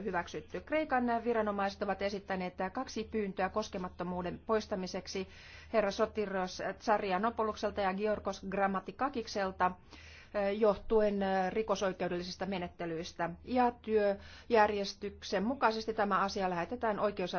hyväksytty. Kreikan viranomaiset ovat esittäneet kaksi pyyntöä koskemattomuuden poistamiseksi herra Sotiros Tsarianopolukselta ja Georgos Grammatikakikselta eh, johtuen eh, rikosoikeudellisista menettelyistä. Ja työjärjestyksen mukaisesti tämä asia lähetetään oikeus